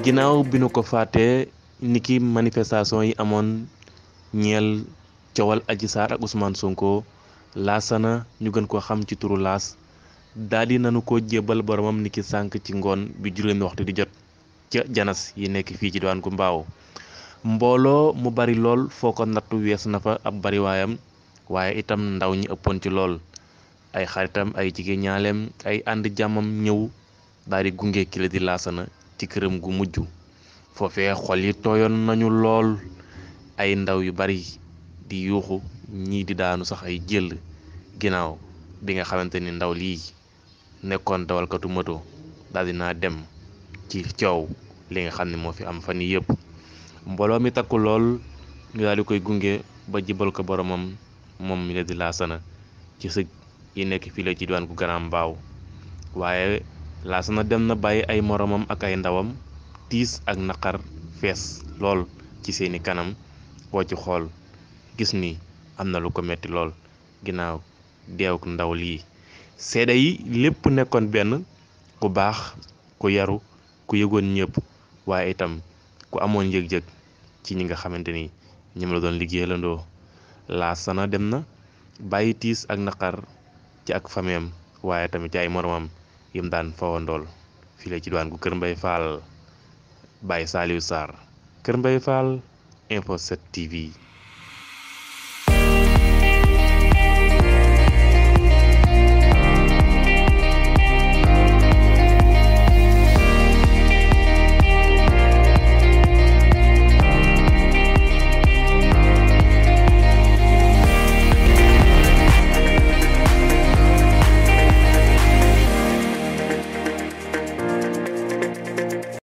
ginnaaw bi nu ko fàttee niki manifestation yi amoon ñeel coowal aji Sarr ak Ousmane Sonko laasana ñu gën ko xam ci turu Lass daal di ko jébbal boromam niki sànq ci ngoon bi juróomi waxtu di jot ca janas yi nekk fii ci diwaan gu mbaaw mbooloo mu bari lool foo ko nattu wees na fa ab bariwaayam waaye itam ndaw ñi ëppoon ci lool ay xaritam ay jigéen ñaaleem ay ànd jàmmam ñëw daldi di gunge kile di laasana ci këram gu mujj foofee xol yi tooyoon nañu lool ay ndaw yu bari di yuuxu ñii di daanu sax ay jël ginnaaw bi nga xamante ni ndaw lii nekkoon dawalkatu moto daal dinaa dem ci coow li nga xam ne moo fi am fan yii yëpp mbooloo mi takku lool ñu daal di koy gunge ba jibal ko boromam moom mi la di laasana ci sëg yi nekk fii la ci diwaan gu Grand Mbao waaye na dem na bàyyi ay moromam ak ay ndawam tiis ak naqar fees lool ci seeni kanam koo ci xool gis ni am na lu ko metti lool ginnaaw deewuk ndaw lii seede yi lépp nekkoon benn ku baax ku yaru ku yëgoon ñëpp waaye itam ku amoon yëg-yëg ci ñi nga xamante ni ñoom la doon liggéeyalandoo laasana dem na bàyyi tiis ak naqar ci ak fameem waaye tamit ci ay moromam yim daan fawandool fii la ci diwaan gu Kër Mbay Fall bàyyi saaliyu Sarr Kër Mbay Fall Info 7 TV